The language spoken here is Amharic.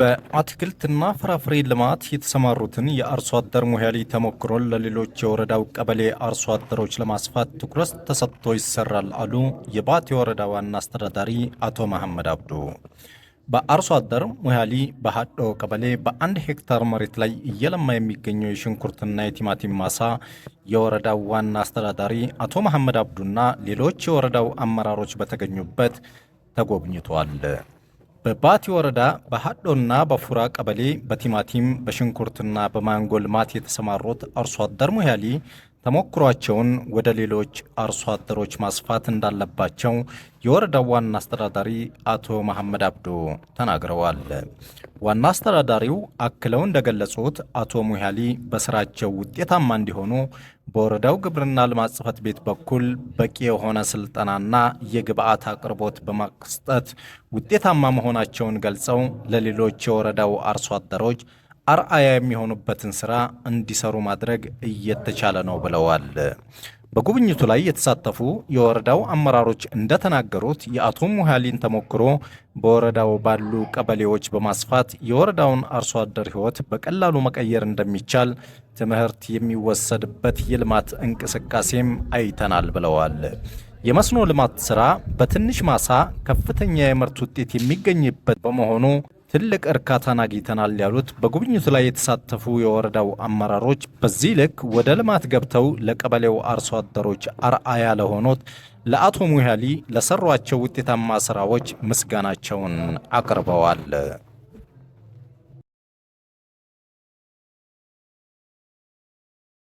በአትክልትና ፍራፍሬ ልማት የተሰማሩትን የአርሶ አደር ሞያሌ ተሞክሮን ለሌሎች የወረዳው ቀበሌ አርሶ አደሮች ለማስፋት ትኩረት ተሰጥቶ ይሰራል አሉ የባቲ ወረዳ ዋና አስተዳዳሪ አቶ መሐመድ አብዱ። በአርሶ አደር ሞያሌ በሀዶ ቀበሌ በአንድ ሄክታር መሬት ላይ እየለማ የሚገኘው የሽንኩርትና የቲማቲም ማሳ የወረዳው ዋና አስተዳዳሪ አቶ መሐመድ አብዱና ሌሎች የወረዳው አመራሮች በተገኙበት ተጎብኝቷል። በባቲ ወረዳ በሀዶና በፉራ ቀበሌ በቲማቲም በሽንኩርትና በማንጎ ልማት የተሰማሩት አርሶ አደር ሙያሊ ተሞክሯቸውን ወደ ሌሎች አርሶ አደሮች ማስፋት እንዳለባቸው የወረዳው ዋና አስተዳዳሪ አቶ መሐመድ አብዶ ተናግረዋል። ዋና አስተዳዳሪው አክለው እንደገለጹት አቶ ሙያሊ በስራቸው ውጤታማ እንዲሆኑ በወረዳው ግብርና ልማት ጽሕፈት ቤት በኩል በቂ የሆነ ስልጠናና የግብአት አቅርቦት በማስጠት ውጤታማ መሆናቸውን ገልጸው ለሌሎች የወረዳው አርሶ አደሮች አርአያ የሚሆኑበትን ስራ እንዲሰሩ ማድረግ እየተቻለ ነው ብለዋል። በጉብኝቱ ላይ የተሳተፉ የወረዳው አመራሮች እንደተናገሩት የአቶ ሙሃሊን ተሞክሮ በወረዳው ባሉ ቀበሌዎች በማስፋት የወረዳውን አርሶ አደር ሕይወት በቀላሉ መቀየር እንደሚቻል ትምህርት የሚወሰድበት የልማት እንቅስቃሴም አይተናል ብለዋል። የመስኖ ልማት ስራ በትንሽ ማሳ ከፍተኛ የምርት ውጤት የሚገኝበት በመሆኑ ትልቅ እርካታን አግኝተናል ያሉት በጉብኝቱ ላይ የተሳተፉ የወረዳው አመራሮች በዚህ ልክ ወደ ልማት ገብተው ለቀበሌው አርሶ አደሮች አርአያ ለሆኑት ለአቶ ሙያሊ ለሰሯቸው ውጤታማ ስራዎች ምስጋናቸውን አቅርበዋል።